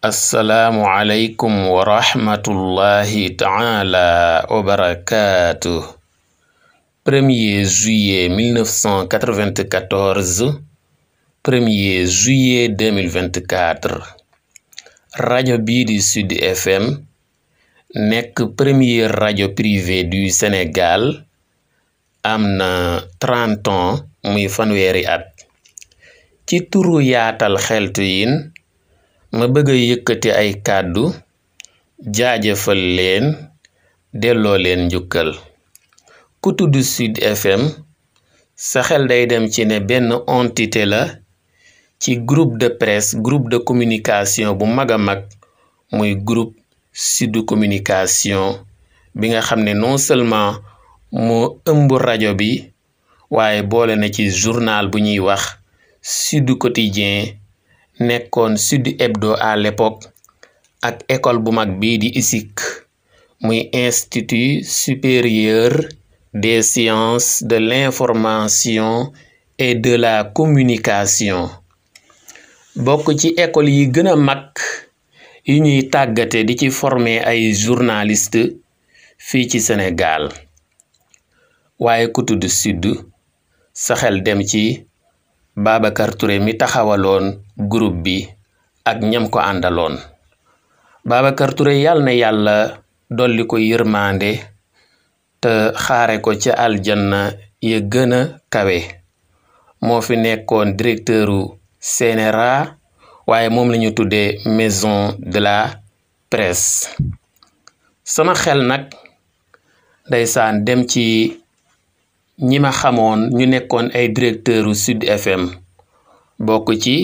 assalaamu aleykum wa rahmatullahi taala wa barakaatu 1er juillet 1994 1er juillet 2024 rajo bii di Sud FM nekk première rajo privée du Sénégal am na 30 muy fanweeri at ci turu yaatal xeltu yin ma bëgga yëkkati ay kàddu jaajëfal leen delloo leen njukkal ku tudd Sud FM saxel day dem ci ne benn entité la ci groupe de presse groupe de communication bu mag a mag muy groupe Sud Communication bi nga xam ne non seulement moo ëmb rajo bi waaye boole na ci journal bu ñuy wax Sud Quotidien nekkoon Sud Hebdo à l'époque ak école bu mag bii di isik muy institut supérieur des sciences de l'information et de la communication bokk ci école yi gën a mag yi ñuy tàggate di ci forme ay journaliste fii ci Sénégal waaye ku tudd Sud sa xel dem ci Babacar Touré mi taxawaloon group bi ak ñam ko àndaloon Babacar Touré yàlla na yàlla dolli ko yërmaande te xaare ko ca aljanna ya gën a kawe moo fi nekkoon directeuru CNRA waaye moom la ñu tuddee maison de la presse sama xel nag saan dem ci ñi ma xamoon ñu nekkoon ay directeuru Sud FM bokk ci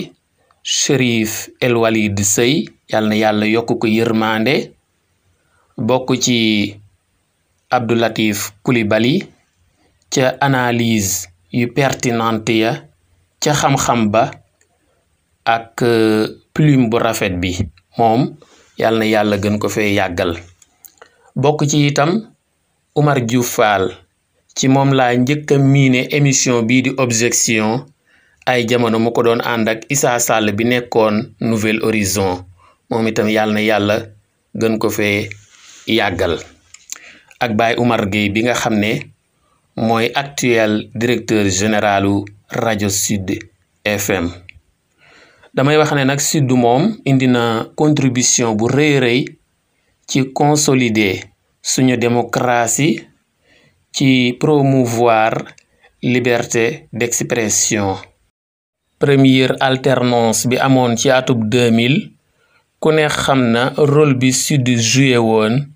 Cherif El Walid Sey yal yàlla yokk ko yërmaande bokk ci Abdoulatif Coulibaly ca analyse yu pertinente ya ca xam-xam ba ak euh, plume bu rafet bi moom yal na yàlla gën ko fee yàggal bokk ci itam Umar Diouf ci moom laa njëkk a miine émission bii di objection ay jamono mu ko doon ànd ak Issa Sall bi nekkoon Nouvelle Horizon moom itam yàlla na yàlla gën ko fee yàggal ak Baye Oumar Gueye bi nga xam ne mooy actuel directeur généralu rajo Sud FM damay wax ne nag Sud moom indi na contribution bu rëy rëy ci consolider suñu démocratie ci promouvoir liberté d'expression première alternance bi amoon ci atub 2000 ku ne xam na rôle bi sud joué woon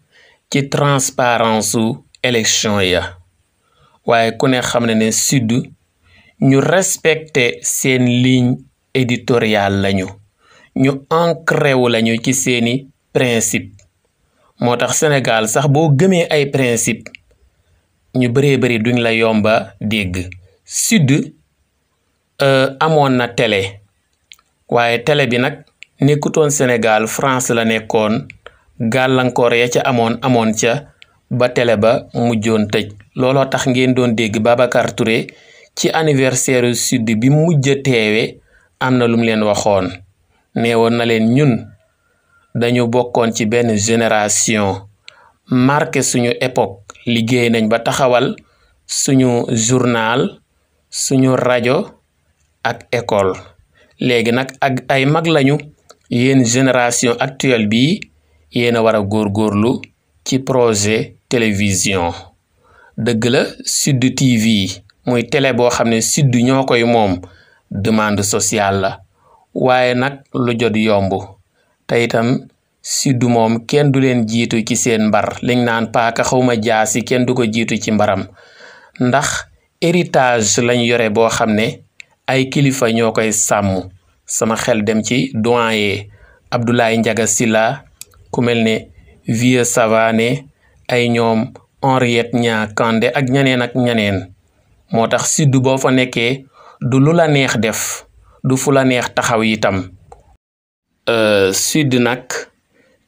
ci transparence u élection ya waaye ku ne xam na ne sud ñu respecté seen ligne éditoriale lañu ñu ancré lañu ci seeni principe moo tax Sénégal sax boo gëmee ay principe ñu bëree bëri duñ la yomba dégg sud euh, amoon na télé waaye télé bi nag nekkutoon Sénégal France la nekkoon gàllankoor ya ca amoon amoon ca ba télé ba mujjoon tëj looloo tax ngeen doon dégg Babacar Touré ci anniversaire sud bi mujj a teewe am na lum leen waxoon neewoon na leen ñun dañu bokkoon ci benn génération marqué suñu époque liggéey nañ ba taxawal suñu journal suñu rajo ak école léegi nag ak ay mag lañu yéen génération actuelle bi yéen a war a góorgóorlu ci projet télévision dëgg la Sud TV muy télé boo xam ne Sud ñoo koy moom demande sociale la waaye nag lu jot yomb te si moom kenn du leen jiitu ci seen mbar lañ naan paaka xawma jaasi kenn du ko jiitu ci mbaram ndax héritage lañ yore boo xam ne ay kilifa ñoo koy sàmm sama xel dem ci doyen Abdoulaye Ndiaga Sylla ku mel ne Vieux Savané ay ñoom Henriette Niang kande ak ñaneen ak ñaneen moo tax siddu boo fa nekkee du lu la neex def du fu la neex taxaw itam euh, sud nag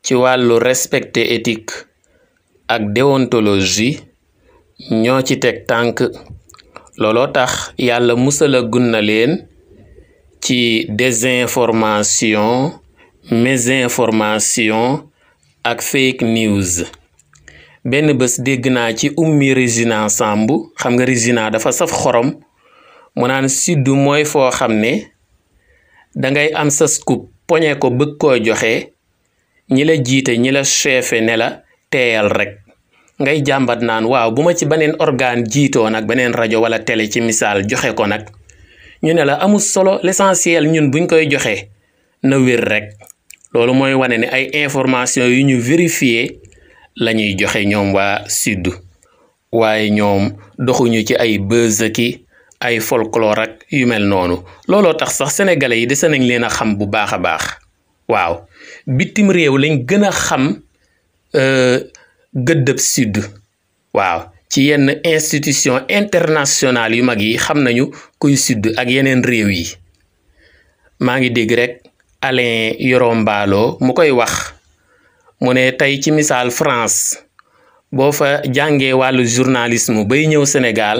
ci wàllu respecté éthique ak déontologie ñoo ci teg tànk looloo tax yàlla musala gunna leen ci désinformation mésinformation ak fake news benn bés dégg naa ci ummi Régina Samb xam nga Régina dafa saf xorom mu naan siddu mooy foo xam ne dangay am sa scoop poñe ko bëgg ko joxe ñi la jiite ñi la chefe ne la teyal rek ngay jàmbat naan waaw bu ma ci beneen organe jiitoo nag beneen rajo wala tele ci misaal joxe ko nag ñu ne la amul solo l'essentiel ñun buñ koy joxe na wér rek loolu mooy wane ne ay information yu ñu vérifié lañuy joxe ñoom waa sud waaye ñoom doxuñu ci ay buzz ki ay folklore ak yu mel noonu looloo tax sax sénégalais yi dese nañ leen a xam bu baax a baax waaw bitim réew lañ gën a xam euh, gëddëb sud waaw ci yenn institution internationale yu mag yi xam nañu kuy sud ak yeneen réew yi maa ngi dégg rekk Alain Yorombaalo mu koy wax mu ne tey ci misaal France boo fa jàngee wàllu journalisme bay ñëw Sénégal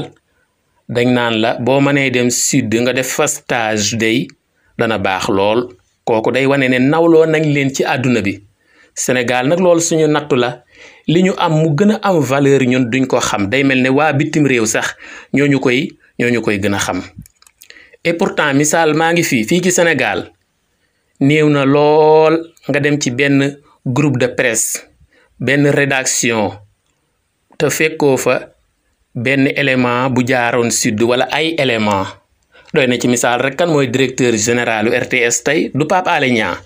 dañ naan la boo nee dem sud nga def fa stage day dana baax lool kooku day wane ne nawloo nañ leen ci àdduna bi Sénégal nag loolu suñu nattu la li ñu am mu gën a am valeur ñun duñ ko xam day mel ni waa bitim réew sax ñooñu koy ñooñu koy gën a xam et pourtant misaal maa ngi fii fii ci Sénégal néew na lool nga dem ci benn groupe de presse benn rédaction te fekkoo fa benn élément bu jaaroon sidd wala ay élément doy na ci misaal rek kan mooy directeur généralu RTS tey du Pape Alé Niang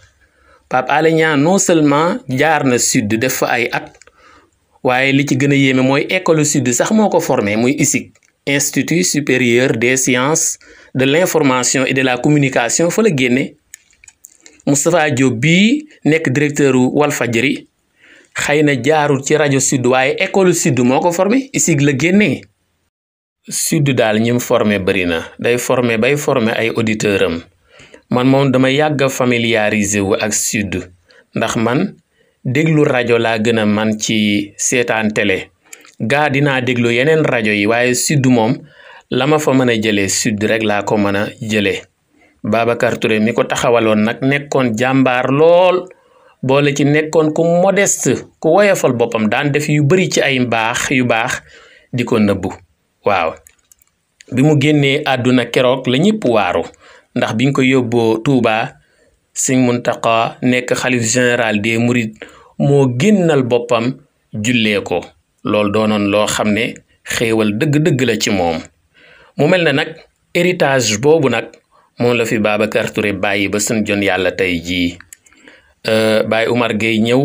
Pape Alé Niang non seulement jaar na sud def fa ay at waaye li ci gën a yéeme mooy école sud sax moo ko formé muy ISIC institut supérieur des sciences de l'information et de la communication fa la génne Moustapha Diop bii nekk directeur u Walfadjri xëy na jaarul ci rajo sud waaye école sud moo ko formé ISIC la génnee sud daal ñim formé bari na day formé bay formé ay auditeur am man moom dama yàgg a familiarisé wu ak sud ndax man déglu rajo laa gën a man ci seetaan télé gaa dinaa déglu yeneen rajo yi waaye sud moom la ma fa mën a jëlee sud rek laa ko mën a jëlee Babacar Touré mi ko taxawaloon nag nekkoon jàmbaar lool boole ci nekkoon ku modeste ku woyofal boppam daan def yu bari ci ay mbaax yu baax di ko nëbbu waaw bi mu génnee àdduna keroog la ñëpp waaru ndax biñ ko yóbboo Touba Sëñ Muntaqa nekk xalif général des Mourides moo génnal boppam jullee ko loolu doonoon loo xam ne xéwal dëgg-dëgg la ci moom mu mel ne nag héritage boobu nag moom la fi Babacar Touré bàyyi ba suñ jon yàlla tey jii euh, Baye Umar Gueye ñëw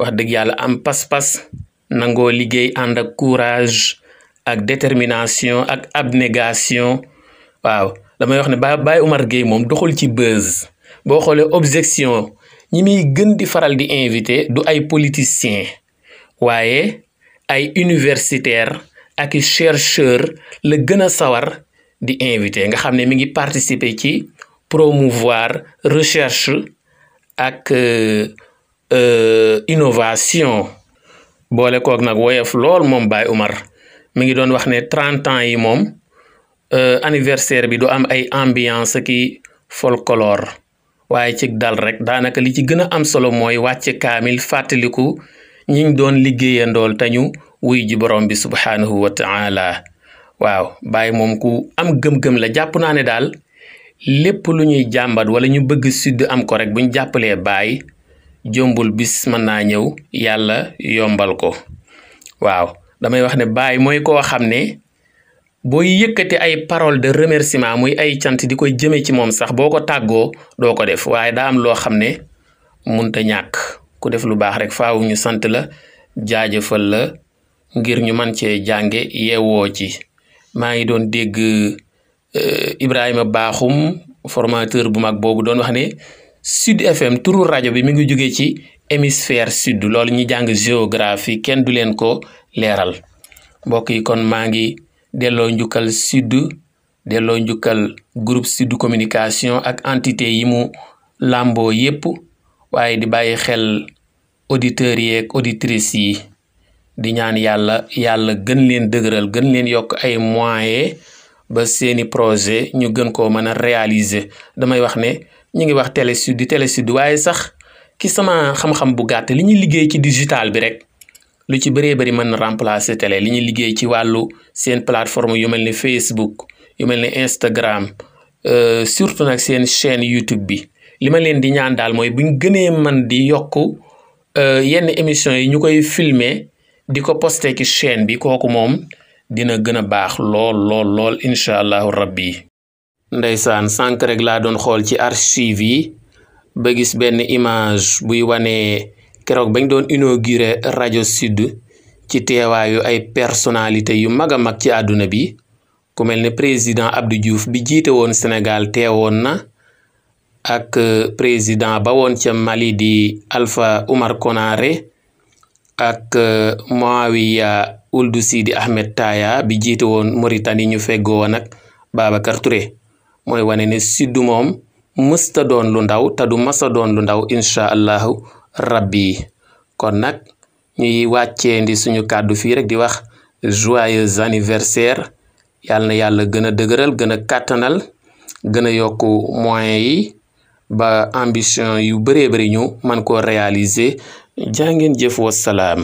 wax dëgg yàlla am pas-pas nangoo liggéey ànd ak courage ak détermination ak abnégation waaw damay wax ne ba bay Umar Gueye moom doxul ci buzz boo xoolee objection ñi muy gën di faral di invité du ay politiciens waaye ay universitaires ak i chercheurs la gën a sawar di invité nga xam ne mi ngi participer ci promouvoir recherche ak euh, euh, innovation boole koog nag woyof lool moom Baye Umar mu ngi doon wax ne trente ans yi moom euh, anniversaire bi du am ay ambiance ki folklore waaye ci dal rek daanaka li ci gën a am solo mooy wàcce kaamil fàttaliku ñu ngi doon liggéeyandool te ñu wuy ji borom bi subhaanahu wa taala waaw Baye moom ku am gëm-gëm la jàpp naa ne daal lépp lu ñuy jàmbat wala ñu bëgg sud am ko rek bu buñ jàppalee Baye jombul bis mën naa ñëw yàlla yombal ko waaw damay wax ne baay mooy koo xam ne booy yëkkati ay parole de remerciement muy ay cant di koy jëmee ci moom sax boo ko tàggoo doo ko def waaye daa am loo xam ne munta ñàkk ku def lu baax rek faaw ñu sant la jaajëfal la ngir ñu man cee jànge yeewoo ci maa ngi doon dégg euh, Ibrahima Bakhoum formateur bu mag boobu doon wax ne Sud FM turu rajo bi mu ngi jóge ci hémisphère sud loolu ñi jàng géographie kenn du leen ko leeral mbokk yi kon maa ngi delloo njukkal Sud delloo njukkal groupe Sud communication ak entité yi mu làmboo yépp waaye di bàyyi xel auditeurs yi ak auditrices yi di ñaan yàlla yàlla gën leen dëgëral gën leen yokk ay moyens ba seeni projet ñu gën koo mën a réaliser damay wax ne ñu ngi wax télé sud télé sud waaye sax ki sama xam-xam bu gàtt li ñuy liggéey ci digital bi rek lu ci bëree bëri man na remplacer télé li ñu liggéey ci wàllu seen plateforme yu mel ni Facebook yu mel ni Instagram euh, surtout nag seen chaîne YouTube bi li ma leen di ñaan daal mooy buñ gënee man di yokk euh, yenn émissions yi ñu koy filmer di ko posté ci chaîne bi kooku moom dina gën a baax lool lool lool incha allahu rabbi ndeysaan sànq rek laa doon xool ci archive yi ba gis benn image buy wanee keroog bañ doon inauguré rajo sud ci teewaayu ay personnalité yu mag a mag ci àdduna bi ku mel ne président Abdou Diouf bi jiite woon Sénégal teewoon na ak euh, président ba woon ca Mali di alfa Oumar Konaré ak euh, Mouawiya Ould Sidi Ahmed Taya bi jiite woon Mauritanie ñu feggoo woon ak Babacar Touré mooy wane ni sud moom mësta doon lu ndaw te du masa doon lu ndaw incha allahu rabbi kon nag ñuy wàccee ndi suñu kàddu fii rek di wax joyeux anniversaire yàlla na yàlla gën a dëgëral gën a kàttanal gën a yokk moyens yi ba ambition yu bëree bëri ñu man koo réaliser jaa ngeen jëf wasalaam